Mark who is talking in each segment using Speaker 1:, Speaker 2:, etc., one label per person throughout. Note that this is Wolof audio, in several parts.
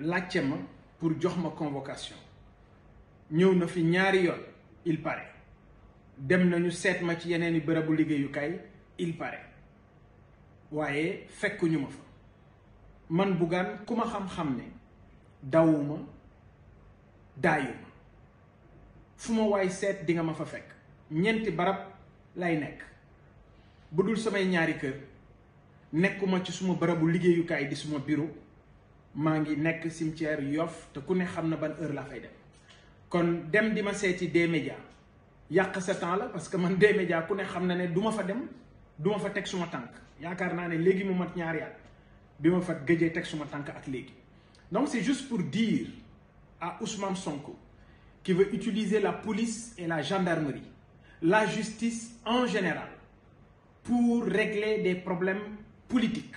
Speaker 1: laajte ma pour jox ma convocation ñëw na fi ñaari yoon il paraît dem nañu seet ma ci yeneen i bërëbu liggéeyukaay il paraît waaye fekkuñu ma fa man Bougane ku ma xam-xam ne dawuma daayuma fu ma waay seet dinga ma fa fekk ñeenti barab lay nekk bu dul samay ñaari kër nekkuma ci suma barabu liggéeyukaay di suma bureau Mangi nek nekk cimetière Yoff te ku ne xam ban heure la fay dem kon dem dima ma des médias yak sa temps la parce que man des médias ku ne xam ne duma fa dem duma fa tek suma tank yaakaar ne legui mu mat ñaar at bima fa gëjee tek suma tank ak legui donc c'est juste pour dire à Ousmane Sonko qui veut utiliser la police et la gendarmerie la justice en général pour régler des problèmes politiques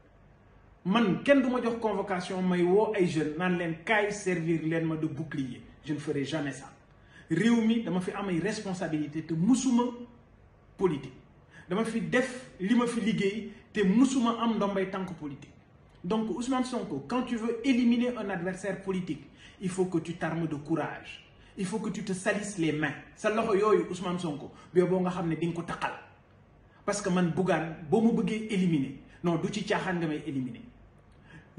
Speaker 1: man ken douma jox convocation may wo ay jeunes naan len kay servir len ma de bouclier je ne ferai jamais ça Réumi, mi dama fi am ay responsabilité te musuma politique dama fi def li ma fi liguey te musuma am ndombay tank politique donc Ousmane Sonko quand tu veux éliminer un adversaire politique il faut que tu t'armes de courage il faut que tu te salisses les mains sa loxo yooyu Ousmane Sonko boo bo nga xam ding ko takal parce que man Bougane bo mu beugé éliminer non du ci caaxaan nga may éliminer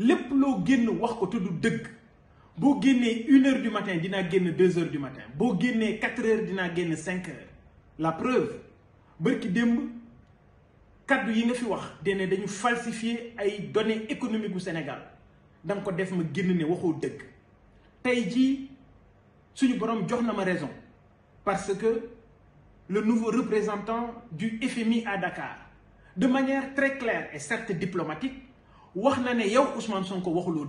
Speaker 1: lepp lo génn wax ko tudd dëgg boo génnee une heure du matin dinaa génn deux heures du matin boo génnee quatre heures dinaa génn cinq heures la preuve c'est démb kaddu yi nga fi wax dene dañu falsifier ay données économiques bu Sénégal da ko def ma génn ne waxoo dëgg tey jii suñu borom jox na ma raison parce que le nouveau représentant du FMI à Dakar de manière très claire et certes diplomatique Ousmane Sonko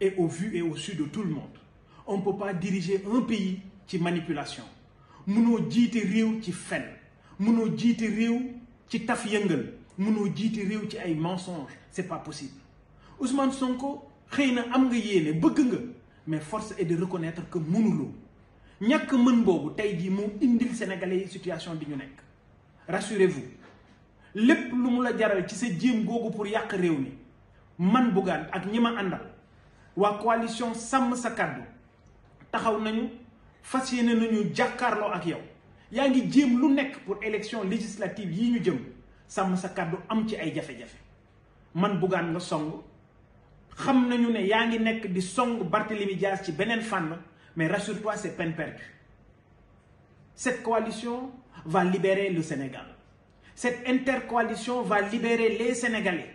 Speaker 1: et au vu et au su de tout le monde on peut pas diriger un pays qui manipulation mënoo ci fen ci taf mensonges c'est pas possible Ousmane Sonko xeyna am nga bëgg mais force est de reconnaître que mën indil sénégalais situation ñu rassurez-vous lu mu la jaral ci pour yak man Bougane ak ñima ma wa coalition sam sa kàddu taxaw nañu fas nañu jim ak yow yaangi jëm lu nekk pour élection législative yi ñu jëm sam sa kàddu am ci ay jafé jafé man Bougane nga song xam nañu ne yaangi nek nekk di song ci mais rassure-toi c'est peine perdue cette coalition va libérer le Sénégal cette intercoalition va libérer les Sénégalais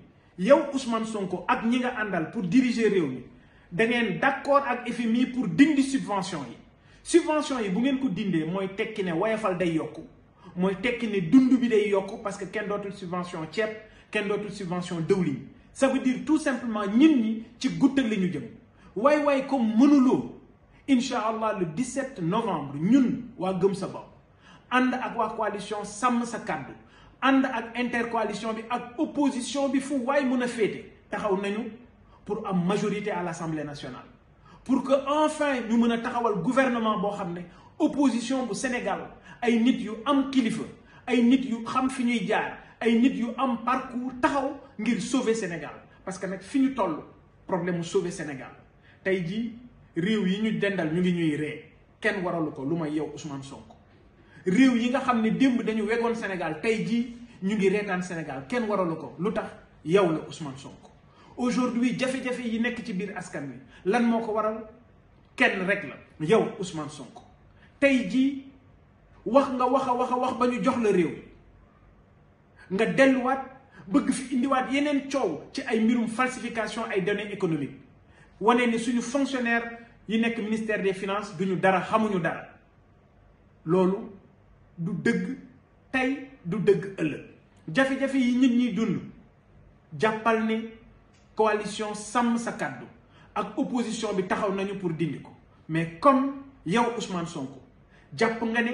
Speaker 1: yow Ousmane Sonko ak ñi nga andal pour diriger réew mi da ngeen d'accord ak FMI pour dindi subvention yi subvention yi bu ngeen ko dindé moy tekki ne woyofal day yok moy tekki ne dund bi day yok parce que ken dootul subvention ciép ken dootul subvention dewli ça veut dire tout simplement ñin ñi ci guttal li ñu jëm way way comme mënuloo inshallah le 17 novembre ñun wa gëm sa bopp and ak wa coalition sam sa kàddu and ak intercoalition bi ak opposition bi fu way mën fété taxaw nañu pour am majorité à l'Assemblée nationale pour que enfin ñu mën taxawal gouvernement bo xamné opposition bu Sénégal ay nit yu am kilifa ay nit yu xam fi ñuy jaar ay nit yu am parcours taxaw ngir sauver Sénégal parce que nak fiñu toll problème sauver Sénégal tay ji réew yi ñu dendal ñu ngi ñuy ré ken waralu ko luma yow Ousmane Sonko réew yi nga xam ne démb dañu wegoon Sénégal tey jii ñu ngi reetaan Sénégal kenn waralu ko lu tax yow la Ousmane Sonko aujourd'hui jafe-jafe yi nekk ci biir askan wi lan moo ko waral kenn rek la yow Ousmane Sonko tey jii wax nga wax a wax a wax ba ñu jox la réew nga delluwaat bëgg fi indiwaat yeneen coow ci ay mbirum falsification ay données économiques wane ni suñu fonctionnaire yi nekk ministère des finances duñu dara xamuñu dara loolu du dëgg tey du dëgg ëllëg jafe-jafe yi nit ñi dund jàppal ne coalition sàmm sa kàddu ak opposition bi taxaw nañu pour dindi ko mais comme yow Ousmane Sonko jàpp nga ne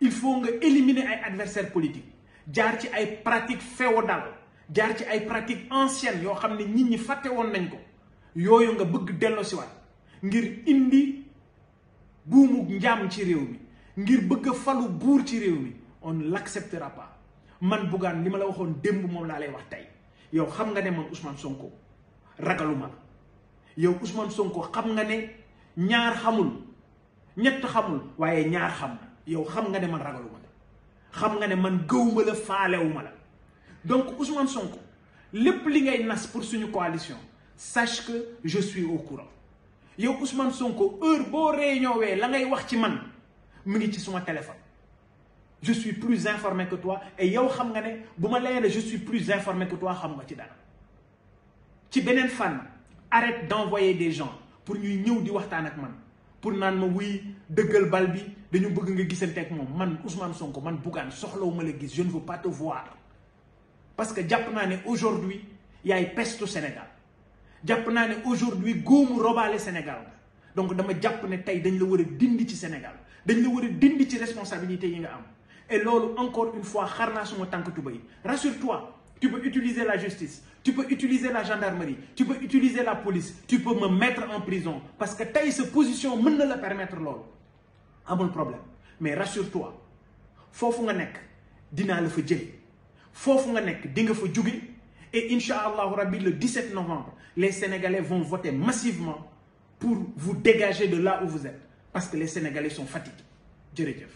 Speaker 1: il faut nga éliminer ay adversaires politique jaar ci ay pratiques féodales jaar ci ay pratiques anciennes yoo xam ne nit ñi fàtte woon nañ ko yooyu nga bëgg delloo siwaat ngir indi buumu njaam ci réew mi ngir bëgg a falu bour ci réew mi on l'acceptera pas man Bougane li ma la waxoon demb mom la lay wax tay yow xam nga ne man Ousmane Sonko ragaluma yow Ousmane Sonko xam nga ne ñaar xamul ñett xamul waye ñaar xam yow xam nga ne man ragaluma xam nga ne man gëwuma la faalewuma la donc Ousmane Sonko lepp li ngay nas pour suñu coalition sache que je suis au courant yow Ousmane Sonko heure bo réunion wé la ngay wax ci man mingi ci suma téléphone je suis plus informé que toi et yow xam nga ne bu ma je suis plus informé que toi xam nga ci dara ci benen fan arrête d'envoyer des gens pour ñuy ñëw di waxtaan ak man pour naan ma wuy dëggal bal bi dañu bëgg nga gisante ak moom man Ousmane Sonko man Bougane soxlawu ma la gis je ne veux pas te voir parce que jàpp naa ne aujourd'hui yaay pestu Sénégal jàpp naa ne aujourd'hui góomu robaale Sénégal donc dama jàpp ne tey dañ la war a dindi ci Sénégal dañ la war a dindi ci responsabilité yi nga et loolu encore une fois sama rassure-toi tu peux utiliser la justice tu peux utiliser la gendarmerie tu peux utiliser la police tu peux me mettre en prison parce que tey sa position mën na le permettre loolu amul problème mais rassure-toi foofu nga nekk dinaa la fa jëlee foofu nga nekk di nga fa jóge et incha allahu le 17 novembre les sénégalais vont voter massivement pour vous dégager de là où vous êtes parce que les Sénégalais sont fatigués